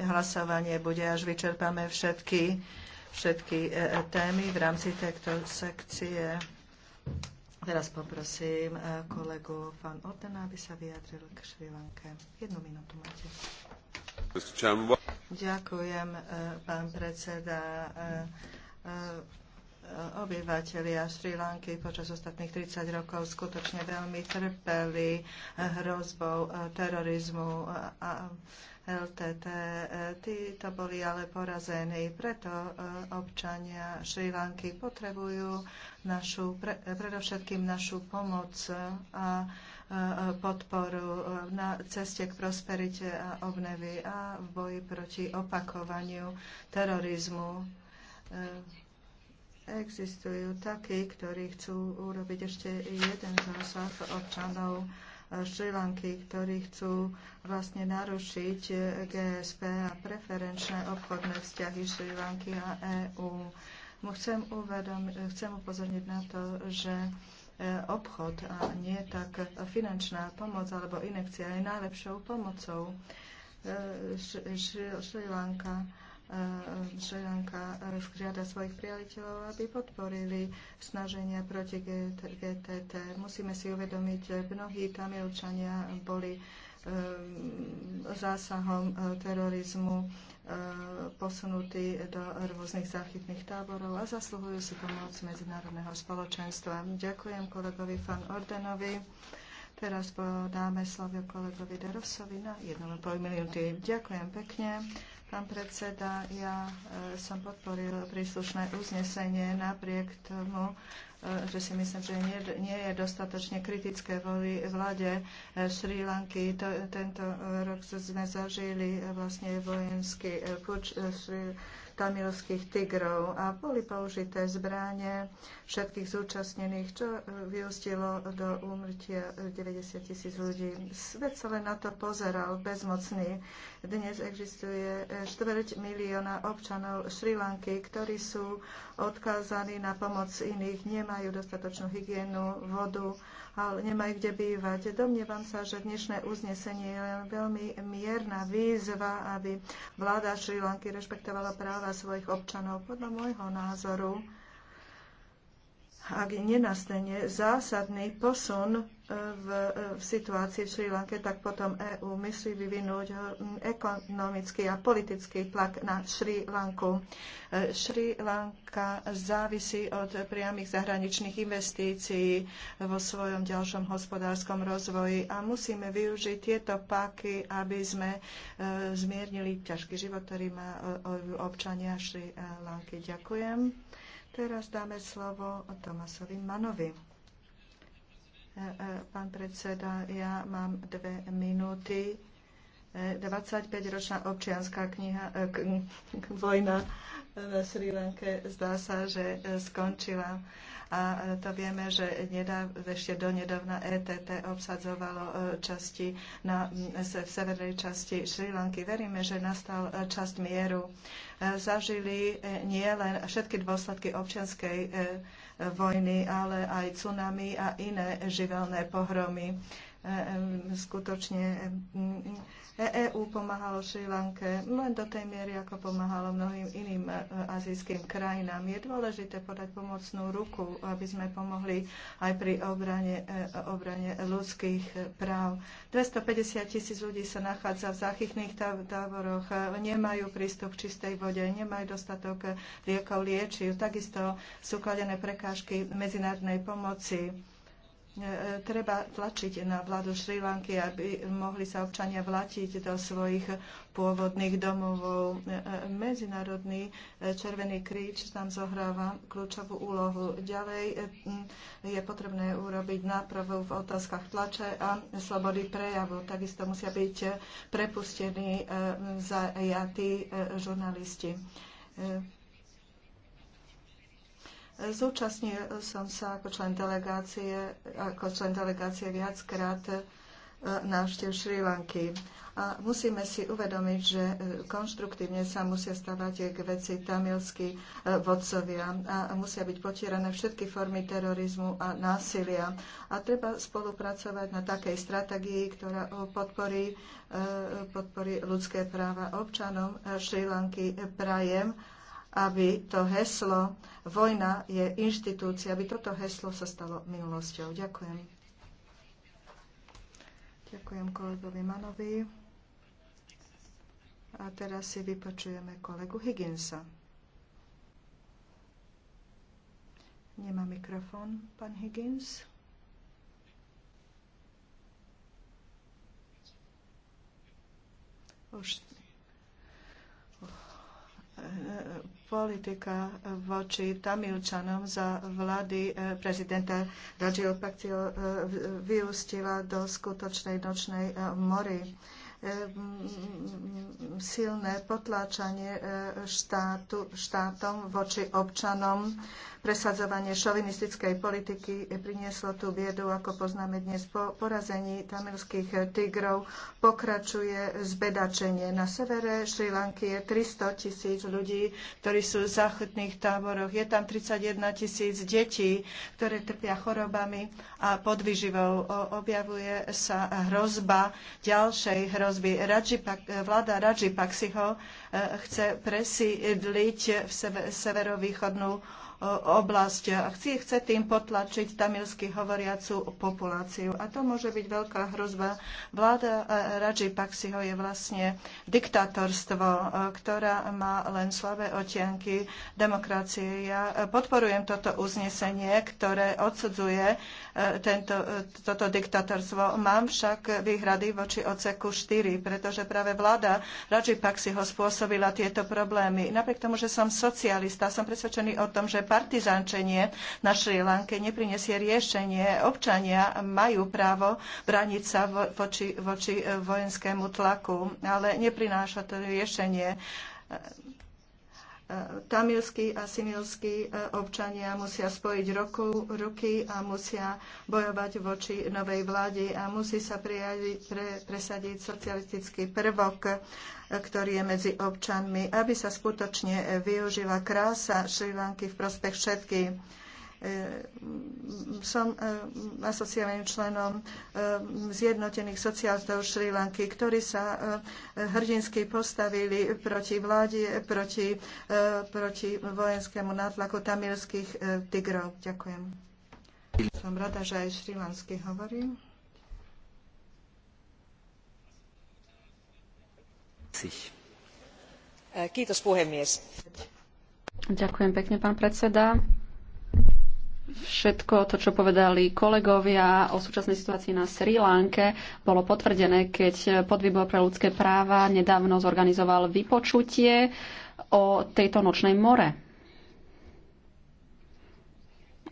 hlasovanie bude, až vyčerpáme všetky, všetky e, e, témy v rámci tejto sekcie. Teraz poprosím e, kolegu pán Ortena, aby sa vyjadril k Šri Lanke. Jednu minútu máte. Ďakujem, pán predseda. Obyvatelia Sri Lanky počas ostatných 30 rokov skutočne veľmi trpeli hrozbou terorizmu a LTT. Títo e, boli ale porazení, preto e, občania Šri Lanky potrebujú našu, pre, predovšetkým našu pomoc a e, podporu na ceste k prosperite a obnevy a v boji proti opakovaniu terorizmu. Existujú takí, ktorí chcú urobiť ešte jeden zásah občanov Šrilanky, ktorí chcú vlastne narušiť GSP a preferenčné obchodné vzťahy Šrilanky a EÚ. Chcem, uvedom, chcem upozorniť na to, že e, obchod a nie tak finančná pomoc alebo inekcia je najlepšou pomocou. E, Šri Šrilanka žiada svojich priateľov, aby podporili snaženia proti GTT. Musíme si uvedomiť, že mnohí Tamilčania boli ehm, zásahom e, terorizmu e, posunutí do rôznych záchytných táborov a zasluhujú si pomoc medzinárodného spoločenstva. Ďakujem kolegovi Fan Ordenovi. Teraz podáme slovo kolegovi Derosovi na pol minúty. Ďakujem pekne. Pán predseda, ja e, som podporil príslušné uznesenie napriek tomu, e, že si myslím, že nie, nie je dostatočne kritické voli vláde Šri e, Lanky. Tento rok sme zažili vlastne vojenský puč Šri Lanky tamilských tigrov a boli použité zbráne všetkých zúčastnených, čo vyústilo do úmrtia 90 tisíc ľudí. Svet sa len na to pozeral, bezmocný. Dnes existuje štvrť milióna občanov Šri Lanky, ktorí sú odkázaní na pomoc iných, nemajú dostatočnú hygienu, vodu, ale nemajú kde bývať. Domnievam sa, že dnešné uznesenie je len veľmi mierna výzva, aby vláda Šri Lanky rešpektovala práva svojich občanov. Podľa môjho názoru ak nenastane zásadný posun e, v, e, v situácii v Sri Lanke, tak potom EÚ myslí vyvinúť e, ekonomický a politický tlak na Sri Lanku. Sri Lanka závisí od priamých zahraničných investícií vo svojom ďalšom hospodárskom rozvoji a musíme využiť tieto páky, aby sme zmiernili ťažký život, ktorý má občania Sri Lanky. Ďakujem. Teraz dáme slovo Tomasovi Manovi. E, e, pán predseda, ja mám dve minúty. 25-ročná e, občianská kniha, vojna na Sri Lanke zdá sa, že skončila a e, to vieme, že nedav, ešte donedávna ETT obsadzovalo e, časti na, v severnej časti Sri Lanky. Veríme, že nastal e, časť mieru. Zažili nie len všetky dôsledky občianskej vojny, ale aj tsunami a iné živelné pohromy. E, e, skutočne EÚ e, pomáhalo Šri Lanke len do tej miery, ako pomáhalo mnohým iným azijským krajinám. Je dôležité podať pomocnú ruku, aby sme pomohli aj pri obrane, obrane ľudských práv. 250 tisíc ľudí sa nachádza v záchytných táboroch, nemajú prístup k čistej vode, nemajú dostatok liekov, liečiv, takisto sú kladené prekážky medzinárodnej pomoci E, treba tlačiť na vládu Šri Lanky, aby mohli sa občania vlátiť do svojich pôvodných domov. E, e, Medzinárodný Červený kríč tam zohráva kľúčovú úlohu. Ďalej je potrebné urobiť nápravu v otázkach tlače a slobody prejavu. Takisto musia byť prepustení zajatí žurnalisti Zúčastnil som sa ako člen delegácie, ako člen delegácie viackrát e, návštev Šri Lanky. A musíme si uvedomiť, že e, konštruktívne sa musia stavať k veci tamilskí e, vodcovia a musia byť potierané všetky formy terorizmu a násilia. A treba spolupracovať na takej stratégii, ktorá podporí, podporí ľudské práva občanom Šri Lanky. Prajem, aby to heslo Vojna je inštitúcia, aby toto heslo sa stalo minulosťou. Ďakujem. Ďakujem kolegovi Manovi. A teraz si vypočujeme kolegu Higginsa. Nemá mikrofón, pán Higgins. Už politika voči Tamilčanom za vlády e, prezidenta Radžil Paktio e, vyústila do skutočnej nočnej e, mory silné potláčanie e, štátu, štátom voči občanom. Presadzovanie šovinistickej politiky prinieslo tú biedu, ako poznáme dnes po porazení tamilských tigrov. Pokračuje zbedačenie. Na severe Šri Lanky je 300 tisíc ľudí, ktorí sú v záchytných táboroch. Je tam 31 tisíc detí, ktoré trpia chorobami a podvyživou. Objavuje sa hrozba ďalšej hrozby hrozby. Rajipak, vláda Rajipaksiho eh, chce presídliť v severovýchodnú eh, oblasť a chce, chce tým potlačiť tamilsky hovoriacu populáciu. A to môže byť veľká hrozba. Vláda eh, Raji Paksiho je vlastne diktátorstvo, ktorá má len slabé otienky demokracie. Ja podporujem toto uznesenie, ktoré odsudzuje tento, toto diktatorstvo. Mám však výhrady voči oceku 4, pretože práve vláda si ho spôsobila tieto problémy. Napriek tomu, že som socialista, som presvedčený o tom, že partizančenie na Šri Lanke neprinesie riešenie. Občania majú právo braniť sa voči, voči eh, vojenskému tlaku, ale neprináša to riešenie tamilskí a similskí e, občania musia spojiť roku, ruky a musia bojovať voči novej vláde a musí sa prijali, pre, presadiť socialistický prvok, e, ktorý je medzi občanmi, aby sa skutočne využila krása Šrivanky v prospech všetkých E, som e, asociovaným členom e, zjednotených sociálstv Šri Lanky, ktorí sa hrdinsky postavili proti vláde, proti, proti vojenskému nátlaku tamilských tigrov. Ďakujem. Som rada, že aj Šri Lansky hovorí. Ďakujem pekne, pán predseda. Všetko to, čo povedali kolegovia o súčasnej situácii na Sri Lanke, bolo potvrdené, keď podvýbor pre ľudské práva nedávno zorganizoval vypočutie o tejto nočnej more.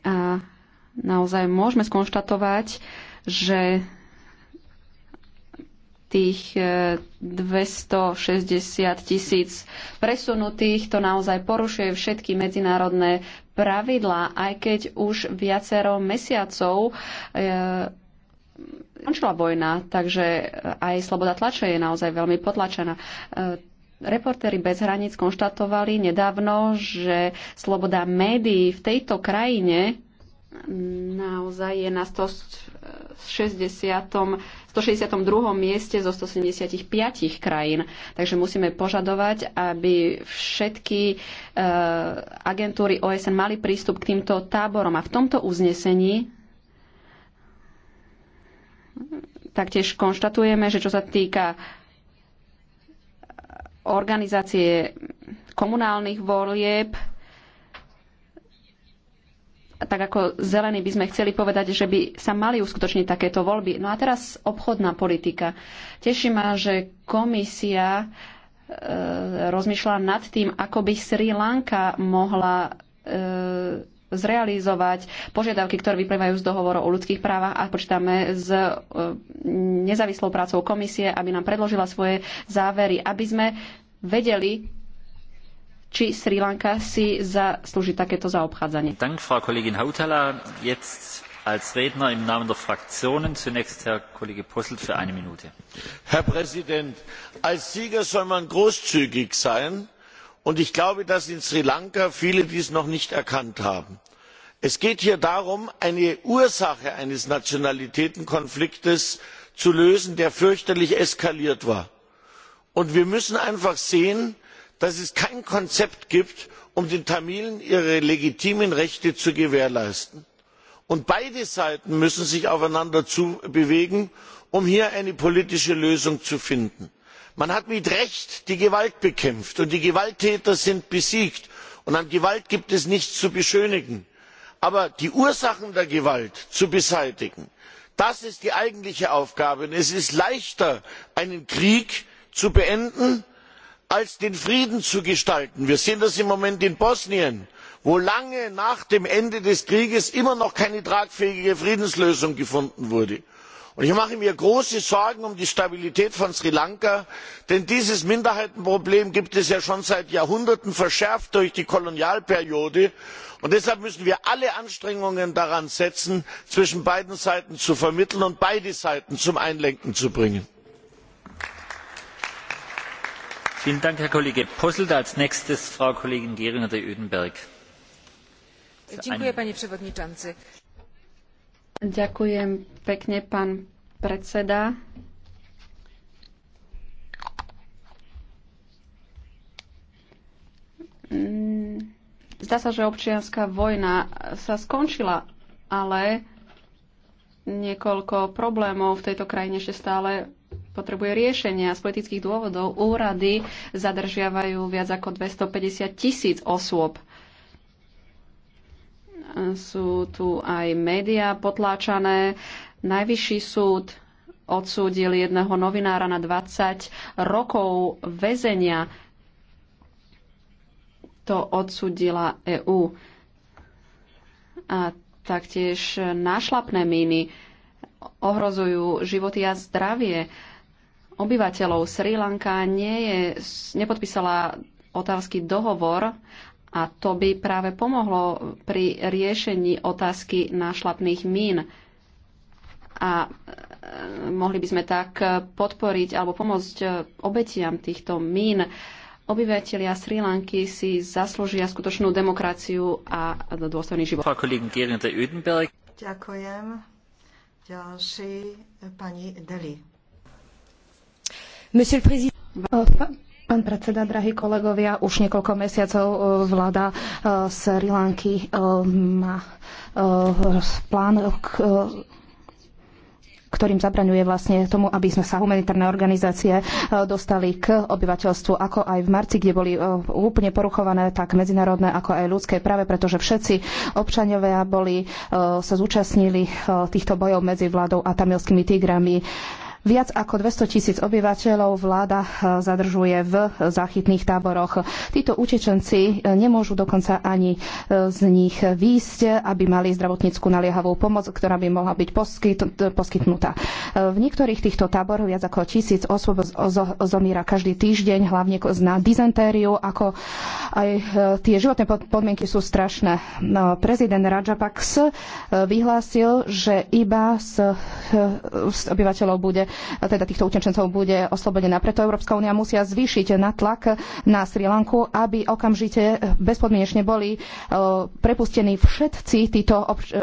A naozaj môžeme skonštatovať, že tých 260 e, tisíc presunutých. To naozaj porušuje všetky medzinárodné pravidlá, aj keď už viacero mesiacov e, končila vojna, takže aj sloboda tlače je naozaj veľmi potlačená. E, reportéri bez hraníc konštatovali nedávno, že sloboda médií v tejto krajine naozaj je na 160 162. mieste zo 175 krajín. Takže musíme požadovať, aby všetky e, agentúry OSN mali prístup k týmto táborom. A v tomto uznesení taktiež konštatujeme, že čo sa týka organizácie komunálnych volieb, tak ako zelení by sme chceli povedať, že by sa mali uskutočniť takéto voľby. No a teraz obchodná politika. Teší ma, že komisia e, rozmýšľa nad tým, ako by Sri Lanka mohla e, zrealizovať požiadavky, ktoré vyplývajú z dohovoru o ľudských právach a počítame s e, nezávislou prácou komisie, aby nám predložila svoje závery, aby sme vedeli, či Sri Lanka si zaslúži takéto zaobchádzanie. Dank, Frau Kollegin Hautala. Jetzt als Redner im Namen der Fraktionen zunächst Herr Kollege Posselt für eine Minute. Herr Präsident, als Sieger soll man großzügig sein. Und ich glaube, dass in Sri Lanka viele dies noch nicht erkannt haben. Es geht hier darum, eine Ursache eines Nationalitätenkonfliktes zu lösen, der fürchterlich eskaliert war. Und wir müssen einfach sehen, dass es kein konzept gibt um den tamilen ihre legitimen rechte zu gewährleisten. Und beide seiten müssen sich aufeinander zubewegen um hier eine politische lösung zu finden. man hat mit recht die gewalt bekämpft und die gewalttäter sind besiegt und an gewalt gibt es nichts zu beschönigen. aber die ursachen der gewalt zu beseitigen das ist die eigentliche aufgabe. es ist leichter einen krieg zu beenden als den frieden zu gestalten. wir sehen das im moment in bosnien wo lange nach dem ende des krieges immer noch keine tragfähige friedenslösung gefunden wurde. ich mache mir große sorgen um die stabilität von sri lanka denn dieses minderheitenproblem gibt es ja schon seit jahrhunderten verschärft durch die kolonialperiode und deshalb müssen wir alle anstrengungen daran setzen zwischen beiden seiten zu vermitteln und beide seiten zum einlenken zu bringen. Ďakujem, pani przewodniczący. pekne, pán predseda. Mm, Zdá sa, že občianská vojna sa skončila, ale niekoľko problémov v tejto krajine ešte stále potrebuje riešenia. Z politických dôvodov úrady zadržiavajú viac ako 250 tisíc osôb. Sú tu aj médiá potláčané. Najvyšší súd odsúdil jedného novinára na 20 rokov väzenia. To odsúdila EÚ. A taktiež nášlapné míny ohrozujú životy a zdravie obyvateľov. Sri Lanka nie je, nepodpísala otázky dohovor a to by práve pomohlo pri riešení otázky nášlapných mín. A e, mohli by sme tak podporiť alebo pomôcť e, obetiam týchto mín. Obyvatelia Sri Lanky si zaslúžia skutočnú demokraciu a dôstojný život. Ďakujem. Ďalší pani Deli. Pán predseda, drahí kolegovia, už niekoľko mesiacov e, vláda e, Sri Lanky e, má plán ktorým zabraňuje vlastne tomu, aby sme sa humanitárne organizácie dostali k obyvateľstvu, ako aj v marci, kde boli úplne poruchované tak medzinárodné, ako aj ľudské práve, pretože všetci občanovia boli, sa zúčastnili týchto bojov medzi vládou a tamilskými tigrami Viac ako 200 tisíc obyvateľov vláda eh, zadržuje v záchytných táboroch. Títo utečenci eh, nemôžu dokonca ani eh, z nich výjsť, aby mali zdravotníckú naliehavú pomoc, ktorá by mohla byť poskytnutá. V niektorých týchto táboroch viac ako tisíc osôb zomiera každý týždeň, hlavne na dizentériu, ako aj tie životné podmienky sú strašné. No, prezident Rajapaks vyhlásil, že iba z obyvateľov bude teda týchto utečencov bude oslobodená. Preto Európska únia musia zvýšiť natlak na Sri Lanku, aby okamžite bezpodmienečne boli e, prepustení všetci títo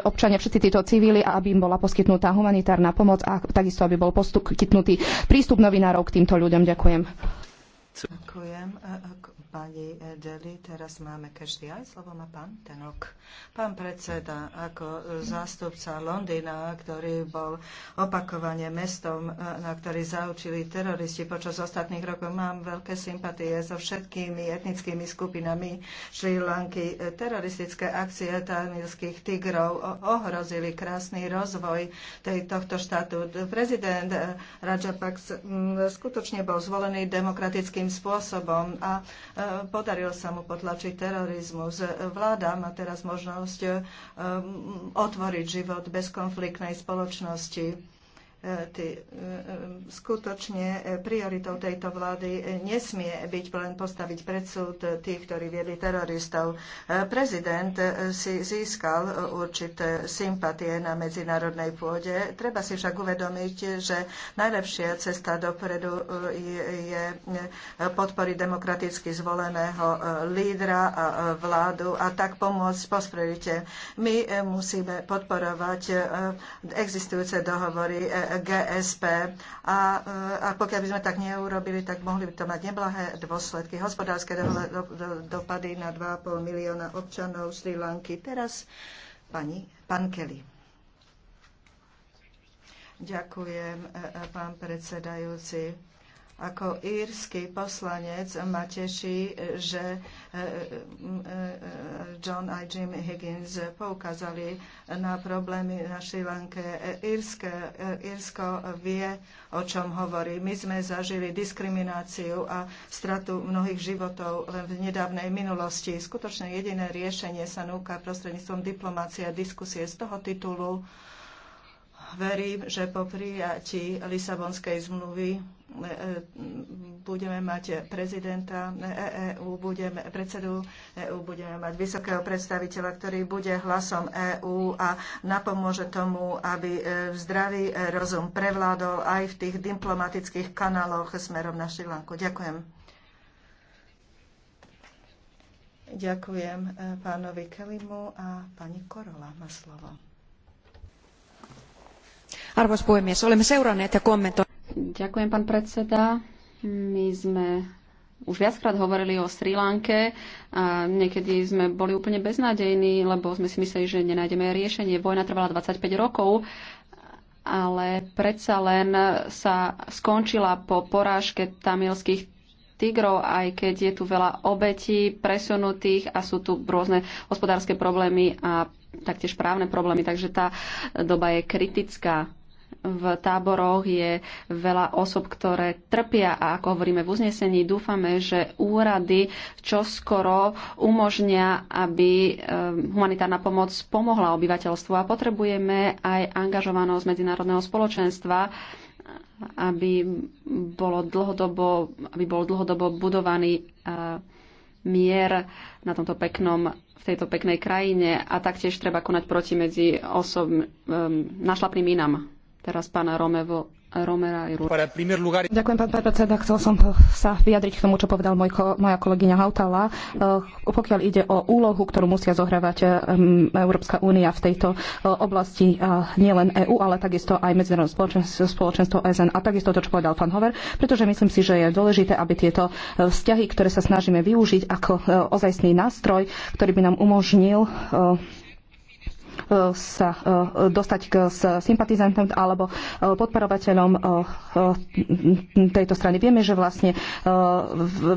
občania, všetci títo civíli a aby im bola poskytnutá humanitárna pomoc a takisto, aby bol poskytnutý prístup novinárov k týmto ľuďom. Ďakujem. Ďakujem. E, e, pani Deli. Teraz máme každý aj slovo má pán Tenok. Pán predseda, ako zástupca Londýna, ktorý bol opakovane mestom, eh, na ktorý zaučili teroristi počas ostatných rokov, mám veľké sympatie so všetkými etnickými skupinami Šri Lanky. Teroristické akcie tamilských tigrov ohrozili krásny rozvoj tej, tohto štátu. Prezident eh, Rajapaks mm, skutočne bol zvolený demokratickým spôsobom a E, podarilo sa mu potlačiť terorizmus. Vláda má teraz možnosť e, otvoriť život bezkonfliktnej spoločnosti Ty, e, e, skutočne e, prioritou tejto vlády nesmie byť len postaviť pred súd tých, ktorí viedli teroristov. Prezident si získal určité sympatie na medzinárodnej pôde. Treba si však uvedomiť, že najlepšia cesta dopredu je podporiť demokraticky zvoleného lídra a vládu a tak pomôcť posprejite. My musíme podporovať existujúce dohovory GSP. A, e, a pokiaľ by sme tak neurobili, tak mohli by to mať neblahé dôsledky. Hospodárske do, do, do, dopady na 2,5 milióna občanov Sri Lanky. Teraz pani, pan Kelly. Ďakujem, e, e, pán predsedajúci ako írsky poslanec ma teší, že e, e, e, John a Jim Higgins poukázali na problémy na Šri Lanke. Írsko vie, o čom hovorí. My sme zažili diskrimináciu a stratu mnohých životov len v nedávnej minulosti. Skutočne jediné riešenie sa núka prostredníctvom diplomácie a diskusie. Z toho titulu verím, že po prijatí Lisabonskej zmluvy e, budeme mať prezidenta EÚ, e budeme, predsedu EÚ, e budeme mať vysokého predstaviteľa, ktorý bude hlasom EÚ a napomôže tomu, aby zdravý rozum prevládol aj v tých diplomatických kanáloch smerom na Šilanku. Ďakujem. Ďakujem pánovi Kelimu a pani Korola má slovo. Arvoisa puhemies, olemme seuranneet ja kommentoineet. Ďakujem, pán predseda. My sme už viackrát hovorili o Sri Lanke a niekedy sme boli úplne beznádejní, lebo sme si mysleli, že nenájdeme riešenie. Vojna trvala 25 rokov, ale predsa len sa skončila po porážke tamilských tigrov, aj keď je tu veľa obetí presunutých a sú tu rôzne hospodárske problémy a taktiež právne problémy, takže tá doba je kritická v táboroch je veľa osob, ktoré trpia a ako hovoríme v uznesení, dúfame, že úrady čoskoro umožnia, aby eh, humanitárna pomoc pomohla obyvateľstvu a potrebujeme aj angažovanosť medzinárodného spoločenstva, aby, bolo dlhodobo, aby bol dlhodobo budovaný eh, mier na tomto peknom, v tejto peknej krajine a taktiež treba konať proti medzi osob, um, eh, našlapným inám. Teraz pána Romevo, Romera Ďakujem, pán predseda. Chcel som sa vyjadriť k tomu, čo povedal môj, moja kolegyňa Hautala. Eh, pokiaľ ide o úlohu, ktorú musia zohrávať eh, Európska únia v tejto eh, oblasti, nielen EÚ, ale takisto aj medzinárodné spoločenstvo, spoločenstvo SN a takisto to, čo povedal pán Hover, pretože myslím si, že je dôležité, aby tieto vzťahy, ktoré sa snažíme využiť ako ozajstný nástroj, ktorý by nám umožnil sa eh, dostať k sympatizantom alebo eh, podporovateľom eh, tejto strany. Vieme, že vlastne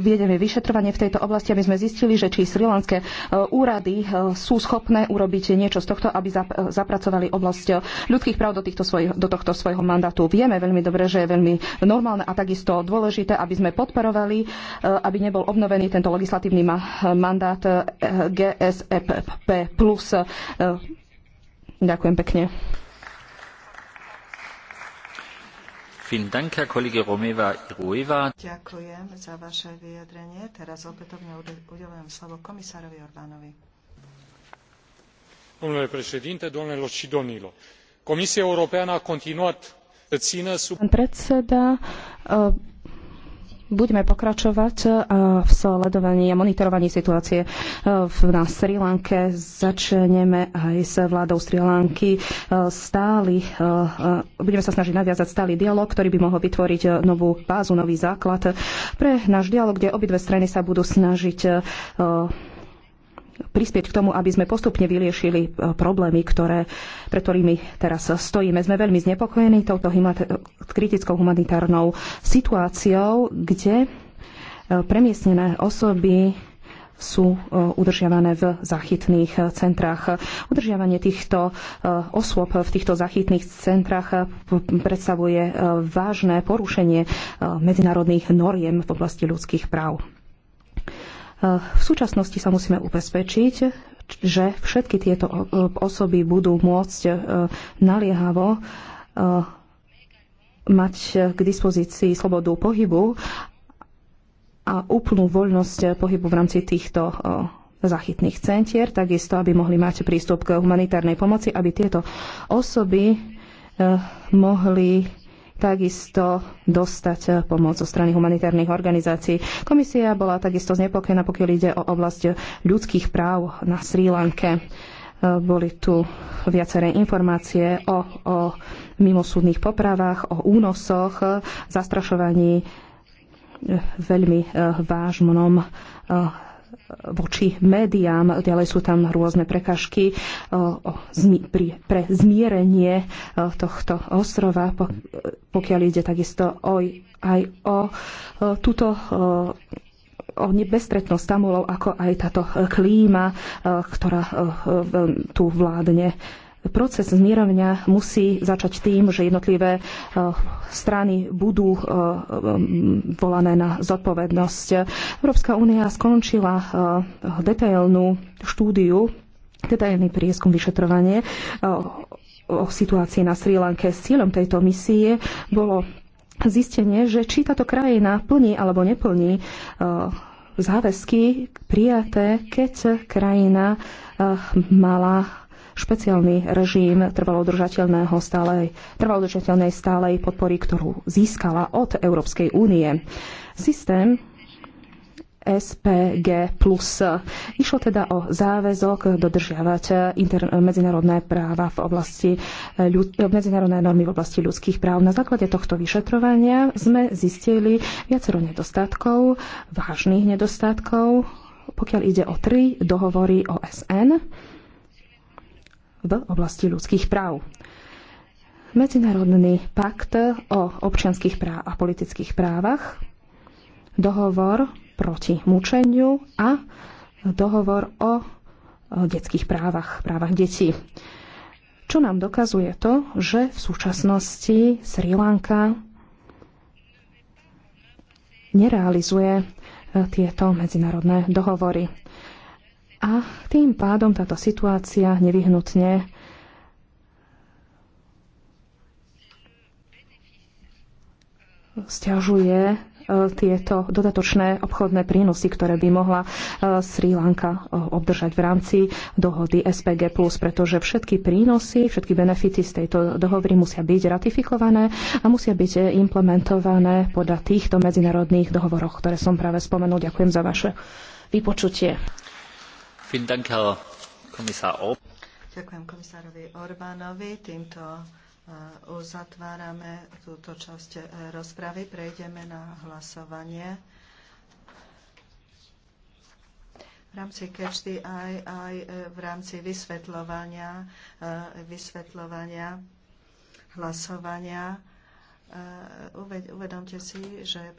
viedeme vyšetrovanie v tejto oblasti, aby sme zistili, že či srilanské úrady sú schopné urobiť niečo z tohto, aby zapracovali oblasť ľudských práv do, týchto svoj, do tohto svojho mandátu. Vieme veľmi dobre, že je veľmi normálne a takisto dôležité, aby sme podporovali, aby nebol obnovený tento legislatívny mandát GSEP plus Ďakujem pekne. Ďakujem za vaše vyjadrenie. Teraz opätovne udelujem slovo komisárovi Orbánovi. Domnule președinte, domnilor și domnilor, Comisia Europeană a continuat să țină sub... Predseda, budeme pokračovať e, v sledovaní a monitorovaní situácie e, na Sri Lanke. Začneme aj s vládou Sri Lanky. E, stály, budeme sa snažiť naviazať stály dialog, ktorý by mohol vytvoriť novú bázu, nový základ pre náš dialog, kde obidve strany sa budú snažiť prispieť k tomu, aby sme postupne vyriešili e, problémy, ktoré, pre ktorými teraz stojíme. Sme veľmi znepokojení touto kritickou humanitárnou situáciou, kde e, premiestnené osoby sú e, udržiavané v zachytných centrách. Udržiavanie týchto osôb v týchto zachytných centrách predstavuje vážne porušenie medzinárodných noriem v oblasti ľudských práv. Eh, v súčasnosti sa musíme ubezpečiť, že všetky tieto eh, osoby budú môcť eh, naliehavo mať k dispozícii slobodu pohybu a úplnú voľnosť pohybu v rámci týchto zachytných centier, takisto aby mohli mať prístup k humanitárnej pomoci, aby tieto osoby mohli takisto dostať eh, pomoc zo strany humanitárnych organizácií. Komisia bola takisto znepokojená, pokiaľ ide o oblasť ľudských práv na Sri Lanke. Eh, boli tu viaceré informácie o, o mimosúdnych popravách, o únosoch, zastrašovaní eh, veľmi vážnom voči médiám, ďalej sú tam rôzne prekažky eh, pre zmierenie eh, tohto ostrova, eh, pokiaľ ide takisto aj o túto o nebestretnosť Tamulov, ako aj táto klíma, ktorá tu vládne proces zmierovania musí začať tým, že jednotlivé e, strany budú e, volané na zodpovednosť. Európska únia skončila e, detailnú štúdiu, detailný prieskum, vyšetrovanie o situácii na Sri Lanke. S cieľom tejto misie bolo zistenie, že či táto krajina plní alebo neplní záväzky prijaté, keď krajina mala špeciálny režim trvalodržateľného stálej, trvalodržateľnej stálej podpory, ktorú získala od Európskej únie. Systém SPG+. Išlo teda o záväzok dodržiavať inter- medzinárodné práva v oblasti ľud- medzinárodné normy v oblasti ľudských práv. Na základe tohto vyšetrovania sme zistili viacero nedostatkov, vážnych nedostatkov, pokiaľ ide o tri dohovory OSN v oblasti ľudských práv. Medzinárodný pakt o občianských práv a politických právach, dohovor proti mučeniu a dohovor o detských právach, právach detí. Čo nám dokazuje to, že v súčasnosti Sri Lanka nerealizuje e, tieto medzinárodné dohovory. A tým pádom táto situácia nevyhnutne stiažuje e, tieto dodatočné obchodné prínosy, ktoré by mohla e, Sri Lanka e, obdržať v rámci dohody SPG+, pretože všetky prínosy, všetky benefity z tejto dohovory musia byť ratifikované a musia byť implementované podľa týchto medzinárodných dohovoroch, ktoré som práve spomenul. Ďakujem za vaše vypočutie. Ďakujem komisárovi Orbánovi. Týmto eh, uzatvárame túto časť eh, rozpravy. Prejdeme na hlasovanie. V rámci kečty aj, aj eh, v rámci vysvetľovania, vysvetľovania hlasovania uvedomte si, že